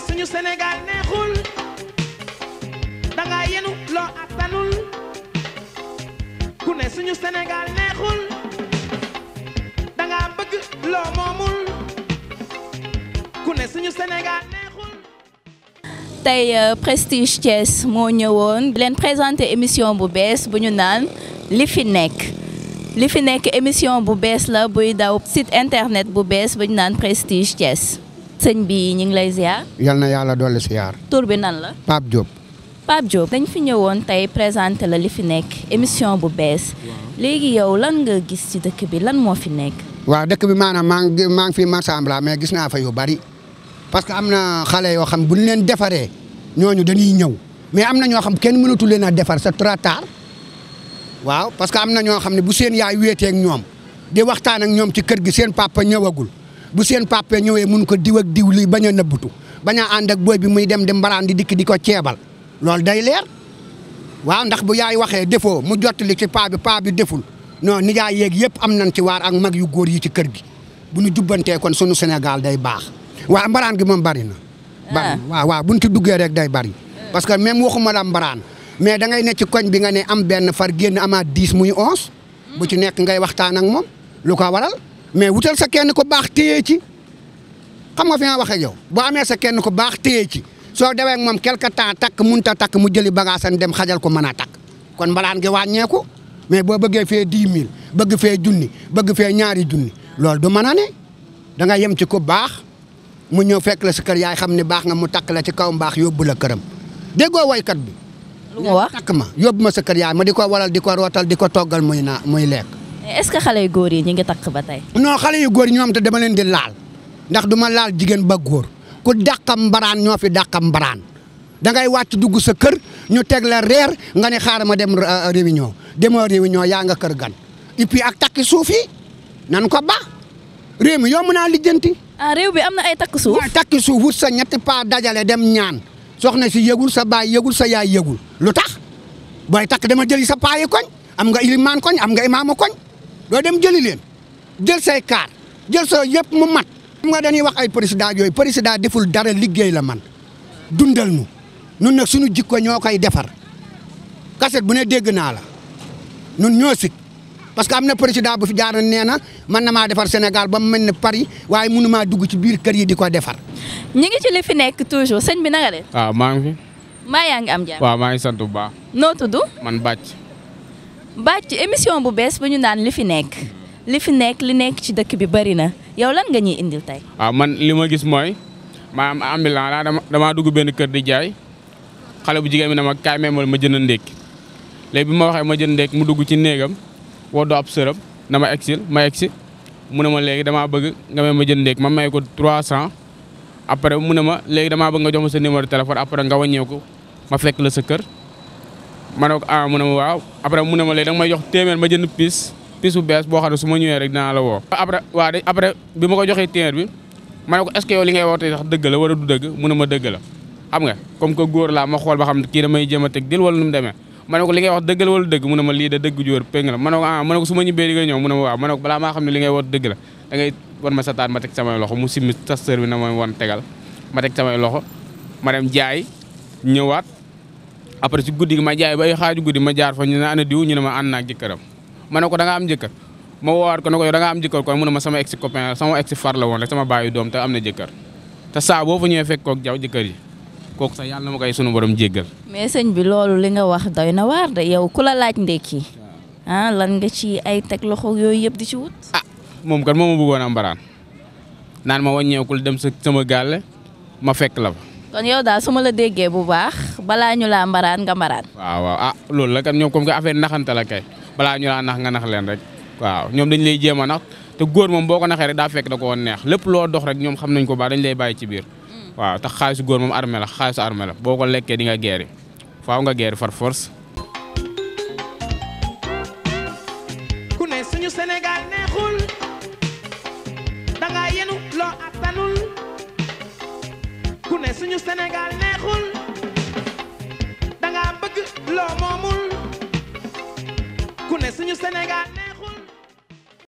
suñu Sénégal neexul danga yenu loo attanul ku ne suñu Sénégal neexul danga bëgg loo moomul ku ne suñu Sénégal neexul tey euh, Prestige Thiès moo ñëwoon leen présenter émission bu bees bu ñu naan li fi nekk li fi nekk émission bu bees la buy daw site internet bu bees bu ñu naan Prestige Thiès sëñ bi ñu ngi lay ziar. yal na yàlla dolli ziar. tur bi nan la. Pape Diop. Pape dañ fi ñëwoon tey présenté la li fi nekk émission bu bees léegi yow lan nga gis ci dëkk bi lan moo fi nekk. waaw dëkk bi maanaam maa maa ngi fi Massambla mais gis na fa yu bari parce que am na xale yoo xam bu ñu leen defaree ñooñu dañuy ñëw mais am na ñoo xam kenn mënatu leen a defar sa trop waaw parce que am na ñoo xam ne bu seen yaay wéetee ak ñoom di waxtaan ak ñoom ci kër gi seen papa ñëwagul. bu seen pape ya ñëwee mun ko diw ak diw li baña a baña and ak boy bi muy dem di baran di dik diko ciébal ceebal day leer waaw ndax bu yaay waxé defoo mu jottali ci pa bi pa bi deful non jaay yeeg yëpp am nañ ci waar ak mag yu goor yi ci kër gi bu ñu jubanté kon sunu Sénégal day baax wa mbaraan gi mom bari na. bari wa wa buñ ci duggé rek day bari. Ah. parce que même waxuma la mbaraan mais da ngay ne ci koñ bi nga né am ben far génn ama 10 muy 11 hmm. bu ci nekk ngay waxtaan ak mom lu ko waral mais wutal sa kenn ko bax teye ci xam nga fi nga waxe yow bo amé sa kenn ko bax teye ci so dewe ak mom quelque temps tak munta tak mu jeli bagaasan dem xajal ko mën tak takk kon mbalaan gi wàññeeku mais bo beugé fé 10000 beug fé djuni beug fé ñaari djuni lol du manane ne da nga yem ci ko bax mu ñew fekk la si kër yaay xamni bax nga mu tak la ci kaw bax yobbu la dego way kat bi. lu wax tak ma yobbu ma sa kër yaay ma diko walal diko rotal diko togal muy na muy lek est-ce que xalé goor yi ñi ngi tak batay non xalé yu goor ñom te dama leen di laal ndax duma laal jigen ba goor ku dakam baraan ño fi dakam baraan da ngay wacc dugg sa kër ñu tegg la reer nga ni xaar ma dem euh, euh, réunion demo réunion ya nga kër gan et puis ak takki suuf nan ko ba réew mi yomb naa lijjanti ah réew bi amna na ay takk suuf takk suuf wut sa ñetti pa dajale dem ñaan soxna si yegul sa baay yegul sa yaay yegul lutax boy tak dama jël sa paay koñ am nga iliman koñ am nga imam koñ doo dem jëli leen jël say kaar jël sa yëpp mu mat. xam nga dañuy wax ay président yooyu président deful dara liggéey la man dundal nu nun nag suñu jikko ñoo koy defar kaset bu ne dégg naa la nun ñoo sik parce que am na daa bu fi jaar nee na man na maa defar Sénégal ba mu mel ne Paris waaye mënu maa dugg ci biir kër yi di ko defar. ñu ngi ci li fi nekk toujours sëñ bi nanga def. waaw ah, maa yaa ngi am jàmm. waaw maa ngi sant bu baax. noo bàcc émission bu bes bu ñu naan li fi nek li fi nek li nek ci dëkk bi bari na yow lan nga ñuy indil tay ah man li ma gis ma am ambulance la dama dugg ben kër di jaay xalé bu jigeen bi ne kay kaay ma jëna ndek léegi bi ma waxee ma jëna ndek mu dugg ci néegam woo doo ab sërëm na exil ma exil mu ne ma léegi dama bëgg nga më ma jëna ndek ma may ko 300 après mu ne ma léegi dama bëgg nga jom sa numéro téléphone après nga wañé ko ma fekk le sa kër manok a mo ah mu waaw après mo ne ma léegi danga may jox témèr ma jënd pis pisu bes bo boo suma ne rek dinaa la wo après wa dé après bima ko joxé témèr bi ma est ce que yow li ngay wote sax deug la wala du deug mo ne ma la xam nga comme ko goor la ma xol ba xam ki damay jëma a dil wala num démé demee li ngay wax deug la wala deug mo ne ma lii de dëgg jóor la ah, ma ah ma ne nga ñëw mu ne ma waaw ma ne xam li ngay wote deug la da ngay wan ma satan ma tek sama loxo mu simi tasseur bi na ma wan tegal ma tek sama loxo ma dem jaay ñëwaat après si guddi gi ma jaay bay xaaju guddi ma jaar fa ñu ne ana diw ñu ne ma ànd naag jëkkëram ma ne ko da nga am jëkkër ma woowaat ko ne ko yow kon mu ne ma sama ex copain sama ex far la woon rek sama baayu doom te am na jëkkër te saa boo fa fekk koog jaw jëkkër yi kooku sax yàlla na ma koy sunu borom jéggal. mais sëñ bi loolu li nga wax doy na waar de yow ku la laaj ndekki ah lan nga ci ay teg loxo yooyu yëpp di ci wut. ah moom kat moom ma bëggoon a mbaraan naan ma wàññeekul dem sa sama gàlle ma fekk la fa. kon bala ñu la mbaraan nga mbaraan. waaw waaw ah loolu la kan ñoom comme que affaire naxante la kay bala ñu la nax nga nax leen rek waaw ñoom dañ lay jema nax te goor mom boko naxé rek da fekk da ko won neex lepp lo dox rek ñoom xam nañ ko ba dañ lay bayyi ci biir. Mm. waaw tax xaalisu goor mom armé la xaalisu armé la boko ko di nga geeri faaw nga geeri far force. Senegal nekhul da nga yenu loo attanul ku ne suñu Sénégal neexul. bëgg loo moomul ku Sénégal